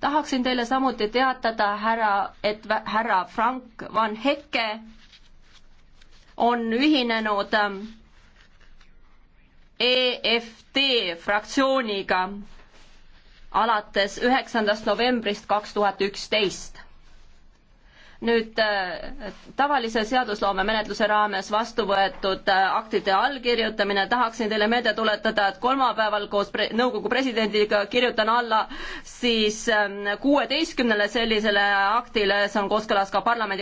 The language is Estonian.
tahaksin teile samuti teatada, härra, et härra Frank Van Hekke on ühinenud ähm, EFT fraktsiooniga alates üheksandast novembrist kaks tuhat üksteist nüüd äh, tavalise seadusloome menetluse raames vastu võetud äh, aktide allkirjutamine, tahaksin teile meelde tuletada, et kolmapäeval koos pre nõukogu presidendiga kirjutan alla siis ähm, kuueteistkümnele sellisele aktile, see on kooskõlas ka parlamendi